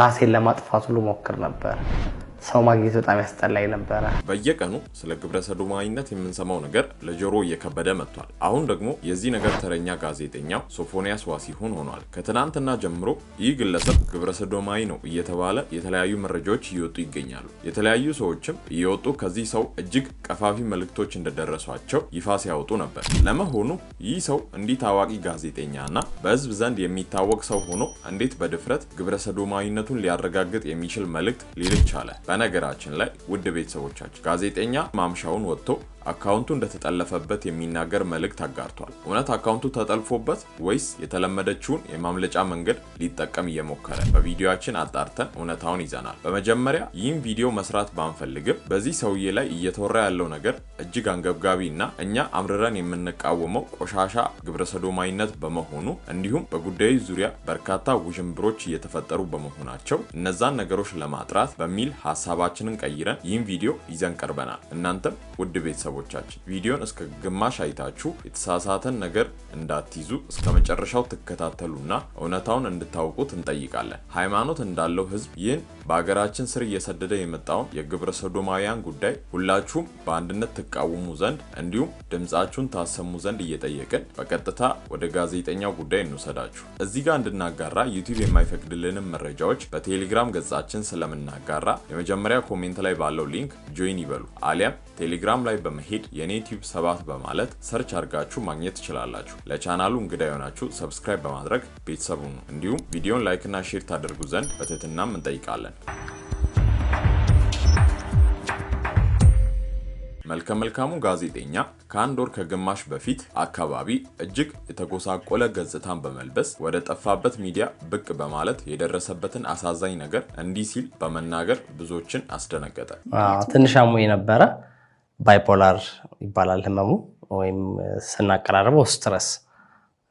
ራሴን ለማጥፋት ሁሉ ሞክር ነበር። ሰው ማግኘት በጣም ያስጠላኝ ነበረ። በየቀኑ ስለ ግብረ ሰዶማዊነት የምንሰማው ነገር ለጆሮ እየከበደ መጥቷል። አሁን ደግሞ የዚህ ነገር ተረኛ ጋዜጠኛው ሶፎንያስ ዋሲሁን ሆኗል። ከትናንትና ጀምሮ ይህ ግለሰብ ግብረ ሰዶማዊ ነው እየተባለ የተለያዩ መረጃዎች እየወጡ ይገኛሉ። የተለያዩ ሰዎችም እየወጡ ከዚህ ሰው እጅግ ቀፋፊ መልእክቶች እንደደረሷቸው ይፋ ሲያወጡ ነበር። ለመሆኑ ይህ ሰው እንዲህ ታዋቂ ጋዜጠኛና በህዝብ ዘንድ የሚታወቅ ሰው ሆኖ እንዴት በድፍረት ግብረ ሰዶማዊነቱን ሊያረጋግጥ የሚችል መልእክት ሊልክ ቻለ? በነገራችን ላይ ውድ ቤተሰቦቻችን ጋዜጠኛ ማምሻውን ወጥቶ አካውንቱ እንደተጠለፈበት የሚናገር መልእክት አጋርቷል። እውነት አካውንቱ ተጠልፎበት ወይስ የተለመደችውን የማምለጫ መንገድ ሊጠቀም እየሞከረ? በቪዲዮችን አጣርተን እውነታውን ይዘናል። በመጀመሪያ ይህን ቪዲዮ መስራት ባንፈልግም በዚህ ሰውዬ ላይ እየተወራ ያለው ነገር እጅግ አንገብጋቢ እና እኛ አምርረን የምንቃወመው ቆሻሻ ግብረሰዶማዊነት በመሆኑ እንዲሁም በጉዳዩ ዙሪያ በርካታ ውዥንብሮች እየተፈጠሩ በመሆናቸው እነዛን ነገሮች ለማጥራት በሚል ሀሳባችንን ቀይረን ይህን ቪዲዮ ይዘን ቀርበናል። እናንተም ውድ ቤተሰብ ቤተሰቦቻችን ቪዲዮን እስከ ግማሽ አይታችሁ የተሳሳተን ነገር እንዳትይዙ እስከ መጨረሻው ትከታተሉና እውነታውን እንድታውቁት እንጠይቃለን። ሃይማኖት እንዳለው ህዝብ ይህን በሀገራችን ስር እየሰደደ የመጣውን የግብረ ሰዶማውያን ጉዳይ ሁላችሁም በአንድነት ትቃወሙ ዘንድ እንዲሁም ድምፃችሁን ታሰሙ ዘንድ እየጠየቅን በቀጥታ ወደ ጋዜጠኛው ጉዳይ እንውሰዳችሁ። እዚህ ጋር እንድናጋራ ዩቲዩብ የማይፈቅድልንም መረጃዎች በቴሌግራም ገጻችን ስለምናጋራ የመጀመሪያ ኮሜንት ላይ ባለው ሊንክ ጆይን ይበሉ አሊያም ቴሌግራም ላይ በመሄድ የኔ ዩቲዩብ ሰባት በማለት ሰርች አድርጋችሁ ማግኘት ትችላላችሁ። ለቻናሉ እንግዳ የሆናችሁ ሰብስክራይብ በማድረግ ቤተሰቡ ነው። እንዲሁም ቪዲዮን ላይክና ሼር ታደርጉ ዘንድ በትህትናም እንጠይቃለን። መልከ መልካሙ ጋዜጠኛ ከአንድ ወር ከግማሽ በፊት አካባቢ እጅግ የተጎሳቆለ ገጽታን በመልበስ ወደ ጠፋበት ሚዲያ ብቅ በማለት የደረሰበትን አሳዛኝ ነገር እንዲህ ሲል በመናገር ብዙዎችን አስደነገጠ። ትንሽ አሞ ነበረ። ባይፖላር ይባላል ህመሙ፣ ወይም ስናቀራርበው ስትረስ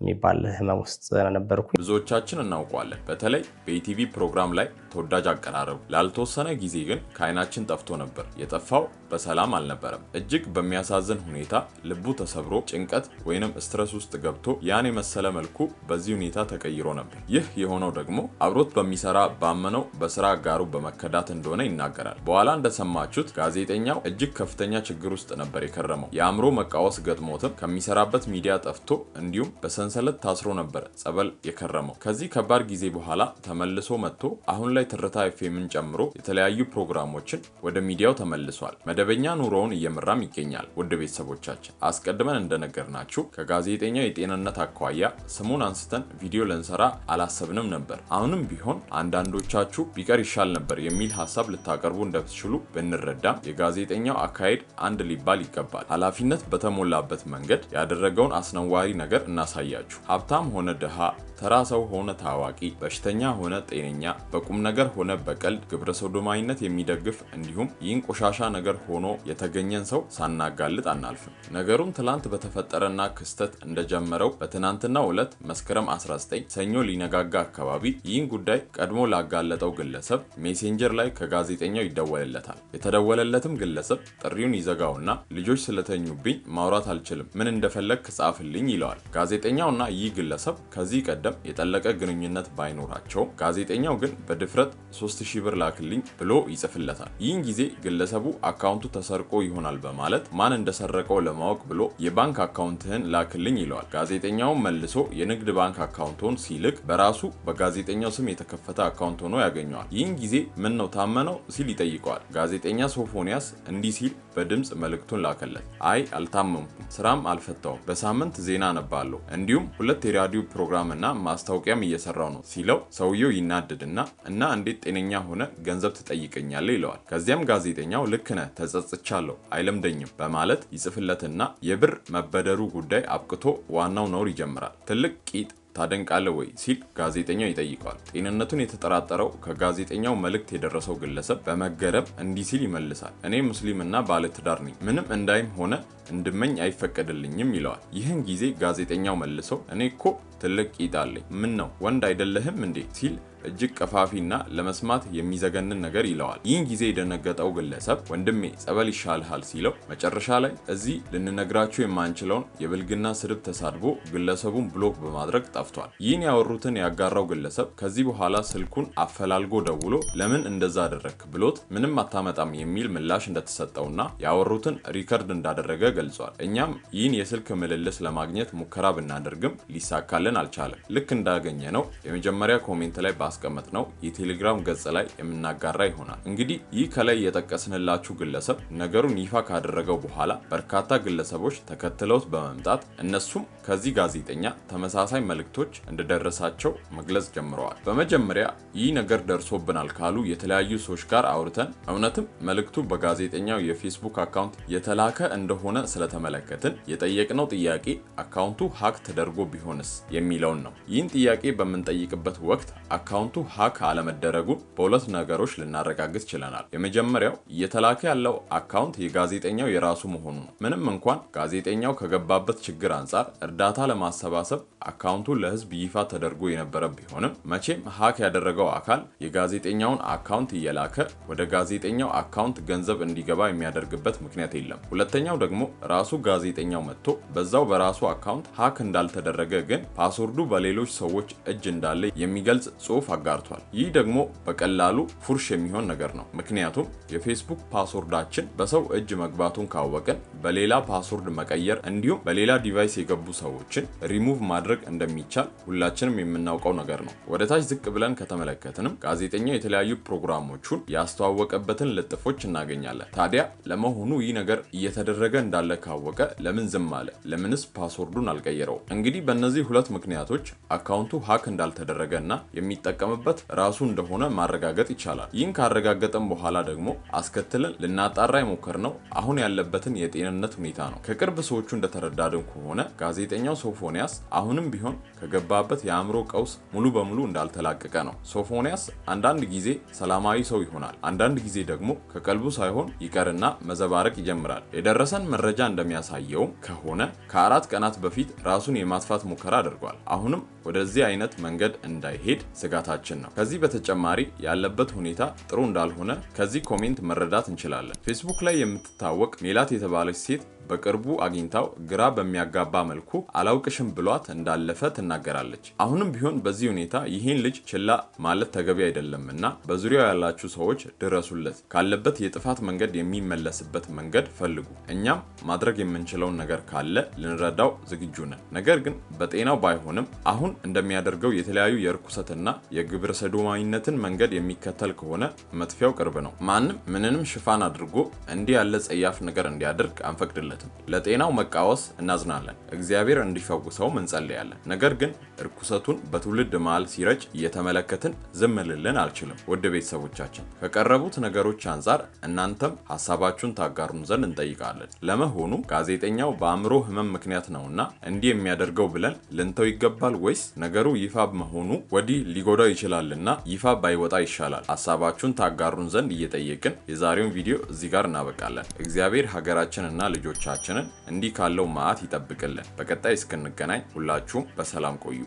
የሚባል ህመም ውስጥ ነበርኩ። ብዙዎቻችን እናውቀዋለን። በተለይ በኢቲቪ ፕሮግራም ላይ ተወዳጅ አቀራረብ ላልተወሰነ ጊዜ ግን ከአይናችን ጠፍቶ ነበር። የጠፋው በሰላም አልነበረም። እጅግ በሚያሳዝን ሁኔታ ልቡ ተሰብሮ ጭንቀት ወይንም ስትረስ ውስጥ ገብቶ ያን የመሰለ መልኩ በዚህ ሁኔታ ተቀይሮ ነበር። ይህ የሆነው ደግሞ አብሮት በሚሰራ ባመነው በስራ አጋሩ በመከዳት እንደሆነ ይናገራል። በኋላ እንደሰማችሁት ጋዜጠኛው እጅግ ከፍተኛ ችግር ውስጥ ነበር የከረመው። የአእምሮ መቃወስ ገጥሞትም ከሚሰራበት ሚዲያ ጠፍቶ እንዲሁም በሰንሰለት ታስሮ ነበር ጸበል የከረመው። ከዚህ ከባድ ጊዜ በኋላ ተመልሶ መጥቶ አሁን ላይ ትርታ ኤፍኤምን ጨምሮ የተለያዩ ፕሮግራሞችን ወደ ሚዲያው ተመልሷል። መደበኛ ኑሮውን እየመራም ይገኛል። ውድ ቤተሰቦቻችን አስቀድመን እንደነገርናችሁ ከጋዜጠኛው የጤንነት አኳያ ስሙን አንስተን ቪዲዮ ልንሰራ አላሰብንም ነበር። አሁንም ቢሆን አንዳንዶቻችሁ ቢቀር ይሻል ነበር የሚል ሀሳብ ልታቀርቡ እንደትችሉ ብንረዳም የጋዜጠኛው አካሄድ አንድ ሊባል ይገባል። ኃላፊነት በተሞላበት መንገድ ያደረገውን አስነዋሪ ነገር እናሳያችሁ። ሀብታም ሆነ ድሃ፣ ተራ ሰው ሆነ ታዋቂ፣ በሽተኛ ሆነ ጤነኛ በቁም ነገር ሆነ በቀልድ ግብረ ሰዶማዊነት የሚደግፍ እንዲሁም ይህን ቆሻሻ ነገር ሆኖ የተገኘን ሰው ሳናጋልጥ አናልፍም። ነገሩም ትላንት በተፈጠረና ክስተት እንደጀመረው በትናንትናው ዕለት መስከረም 19 ሰኞ ሊነጋጋ አካባቢ ይህን ጉዳይ ቀድሞ ላጋለጠው ግለሰብ ሜሴንጀር ላይ ከጋዜጠኛው ይደወልለታል። የተደወለለትም ግለሰብ ጥሪውን ይዘጋውና ልጆች ስለተኙብኝ ማውራት አልችልም፣ ምን እንደፈለግ ክጻፍልኝ ይለዋል። ጋዜጠኛውና ይህ ግለሰብ ከዚህ ቀደም የጠለቀ ግንኙነት ባይኖራቸውም። ጋዜጠኛው ግን በድፍ በድፍረት 3000 ብር ላክልኝ ብሎ ይጽፍለታል። ይህን ጊዜ ግለሰቡ አካውንቱ ተሰርቆ ይሆናል በማለት ማን እንደሰረቀው ለማወቅ ብሎ የባንክ አካውንትህን ላክልኝ ይለዋል። ጋዜጠኛውን መልሶ የንግድ ባንክ አካውንቶን ሲልክ በራሱ በጋዜጠኛው ስም የተከፈተ አካውንት ሆኖ ያገኘዋል። ይህን ጊዜ ምን ነው ታመነው ሲል ይጠይቀዋል። ጋዜጠኛ ሶፎንያስ እንዲህ ሲል በድምፅ መልእክቱን ላከለት። አይ አልታመምኩም፣ ስራም አልፈታውም፣ በሳምንት ዜና ነባለሁ፣ እንዲሁም ሁለት የራዲዮ ፕሮግራምና ማስታወቂያም እየሰራው ነው ሲለው ሰውየው ይናደድና እና እንዴት ጤነኛ ሆነ ገንዘብ ትጠይቀኛለህ ይለዋል። ከዚያም ጋዜጠኛው ልክ ነህ ተጸጽቻለሁ፣ አይለምደኝም በማለት ይጽፍለትና የብር መበደሩ ጉዳይ አብቅቶ ዋናው ነውር ይጀምራል። ትልቅ ቂጥ ታደንቃለህ ወይ ሲል ጋዜጠኛው ይጠይቀዋል። ጤንነቱን የተጠራጠረው ከጋዜጠኛው መልእክት የደረሰው ግለሰብ በመገረም እንዲህ ሲል ይመልሳል። እኔ ሙስሊምና ባለትዳር ነኝ፣ ምንም እንዳይም ሆነ እንድመኝ አይፈቀድልኝም ይለዋል። ይህን ጊዜ ጋዜጠኛው መልሰው እኔ እኮ ትልቅ ቂጥ አለኝ። ምን ነው ወንድ አይደለህም እንዴ ሲል እጅግ ቀፋፊና ለመስማት የሚዘገንን ነገር ይለዋል። ይህን ጊዜ የደነገጠው ግለሰብ ወንድሜ ጸበል ይሻልሃል ሲለው መጨረሻ ላይ እዚህ ልንነግራቸው የማንችለውን የብልግና ስድብ ተሳድቦ ግለሰቡን ብሎክ በማድረግ ጠፍቷል። ይህን ያወሩትን ያጋራው ግለሰብ ከዚህ በኋላ ስልኩን አፈላልጎ ደውሎ ለምን እንደዛ አደረክ ብሎት ምንም አታመጣም የሚል ምላሽ እንደተሰጠውና ያወሩትን ሪከርድ እንዳደረገ ገልጿል። እኛም ይህን የስልክ ምልልስ ለማግኘት ሙከራ ብናደርግም ሊሳካልን ሊልክልን አልቻለም። ልክ እንዳገኘ ነው የመጀመሪያ ኮሜንት ላይ ባስቀመጥ ነው የቴሌግራም ገጽ ላይ የምናጋራ ይሆናል። እንግዲህ ይህ ከላይ የጠቀስንላችሁ ግለሰብ ነገሩን ይፋ ካደረገው በኋላ በርካታ ግለሰቦች ተከትለውት በመምጣት እነሱም ከዚህ ጋዜጠኛ ተመሳሳይ መልእክቶች እንደደረሳቸው መግለጽ ጀምረዋል። በመጀመሪያ ይህ ነገር ደርሶብናል ካሉ የተለያዩ ሰዎች ጋር አውርተን እውነትም መልእክቱ በጋዜጠኛው የፌስቡክ አካውንት የተላከ እንደሆነ ስለተመለከትን የጠየቅነው ጥያቄ አካውንቱ ሀክ ተደርጎ ቢሆንስ የሚለውን ነው። ይህን ጥያቄ በምንጠይቅበት ወቅት አካውንቱ ሀክ አለመደረጉን በሁለት ነገሮች ልናረጋግጥ ችለናል። የመጀመሪያው እየተላከ ያለው አካውንት የጋዜጠኛው የራሱ መሆኑ ነው። ምንም እንኳን ጋዜጠኛው ከገባበት ችግር አንጻር እርዳታ ለማሰባሰብ አካውንቱ ለህዝብ ይፋ ተደርጎ የነበረ ቢሆንም መቼም ሀክ ያደረገው አካል የጋዜጠኛውን አካውንት እየላከ ወደ ጋዜጠኛው አካውንት ገንዘብ እንዲገባ የሚያደርግበት ምክንያት የለም። ሁለተኛው ደግሞ ራሱ ጋዜጠኛው መጥቶ በዛው በራሱ አካውንት ሀክ እንዳልተደረገ ግን ፓስወርዱ በሌሎች ሰዎች እጅ እንዳለ የሚገልጽ ጽሑፍ አጋርቷል። ይህ ደግሞ በቀላሉ ፉርሽ የሚሆን ነገር ነው። ምክንያቱም የፌስቡክ ፓስወርዳችን በሰው እጅ መግባቱን ካወቅን በሌላ ፓስወርድ መቀየር እንዲሁም በሌላ ዲቫይስ የገቡ ሰዎችን ሪሙቭ ማድረግ እንደሚቻል ሁላችንም የምናውቀው ነገር ነው። ወደ ታች ዝቅ ብለን ከተመለከትንም ጋዜጠኛው የተለያዩ ፕሮግራሞቹን ያስተዋወቀበትን ልጥፎች እናገኛለን። ታዲያ ለመሆኑ ይህ ነገር እየተደረገ እንዳለ ካወቀ ለምን ዝም አለ? ለምንስ ፓስወርዱን አልቀየረው? እንግዲህ በእነዚህ ሁለት ምክንያቶች አካውንቱ ሀክ እንዳልተደረገ እና የሚጠቀምበት ራሱ እንደሆነ ማረጋገጥ ይቻላል። ይህን ካረጋገጠም በኋላ ደግሞ አስከትለን ልናጣራ የሞከርነው አሁን ያለበትን የጤንነት ሁኔታ ነው። ከቅርብ ሰዎቹ እንደተረዳድን ከሆነ ጋዜጠኛው ሶፎንያስ አሁንም ቢሆን ከገባበት የአእምሮ ቀውስ ሙሉ በሙሉ እንዳልተላቀቀ ነው። ሶፎንያስ አንዳንድ ጊዜ ሰላማዊ ሰው ይሆናል፣ አንዳንድ ጊዜ ደግሞ ከቀልቡ ሳይሆን ይቀርና መዘባረቅ ይጀምራል። የደረሰን መረጃ እንደሚያሳየውም ከሆነ ከአራት ቀናት በፊት ራሱን የማጥፋት ሙከራ አድርጓል። ተደርጓል። አሁንም ወደዚህ አይነት መንገድ እንዳይሄድ ስጋታችን ነው። ከዚህ በተጨማሪ ያለበት ሁኔታ ጥሩ እንዳልሆነ ከዚህ ኮሜንት መረዳት እንችላለን። ፌስቡክ ላይ የምትታወቅ ሜላት የተባለች ሴት በቅርቡ አግኝታው ግራ በሚያጋባ መልኩ አላውቅሽም ብሏት እንዳለፈ ትናገራለች። አሁንም ቢሆን በዚህ ሁኔታ ይህን ልጅ ችላ ማለት ተገቢ አይደለም እና በዙሪያው ያላችሁ ሰዎች ድረሱለት፣ ካለበት የጥፋት መንገድ የሚመለስበት መንገድ ፈልጉ። እኛም ማድረግ የምንችለውን ነገር ካለ ልንረዳው ዝግጁ ነን። ነገር ግን በጤናው ባይሆንም አሁን እንደሚያደርገው የተለያዩ የርኩሰትና የግብረ ሰዶማዊነትን መንገድ የሚከተል ከሆነ መጥፊያው ቅርብ ነው። ማንም ምንንም ሽፋን አድርጎ እንዲህ ያለ ጸያፍ ነገር እንዲያደርግ አንፈቅድለን። አንድነትም ለጤናው መቃወስ እናዝናለን፣ እግዚአብሔር እንዲፈውሰውም እንጸልያለን። ነገር ግን እርኩሰቱን በትውልድ መሃል ሲረጭ እየተመለከትን ዝም ልልን አልችልም። ውድ ቤተሰቦቻችን ከቀረቡት ነገሮች አንጻር እናንተም ሀሳባችሁን ታጋሩን ዘንድ እንጠይቃለን። ለመሆኑ ጋዜጠኛው በአእምሮ ህመም ምክንያት ነውና እንዲህ የሚያደርገው ብለን ልንተው ይገባል ወይስ ነገሩ ይፋ መሆኑ ወዲህ ሊጎዳው ይችላልና ይፋ ባይወጣ ይሻላል? ሀሳባችሁን ታጋሩን ዘንድ እየጠየቅን የዛሬውን ቪዲዮ እዚህ ጋር እናበቃለን። እግዚአብሔር ሀገራችንና ልጆች ቤተሰቦቻችንን እንዲህ ካለው መዓት ይጠብቅልን። በቀጣይ እስክንገናኝ ሁላችሁም በሰላም ቆዩ።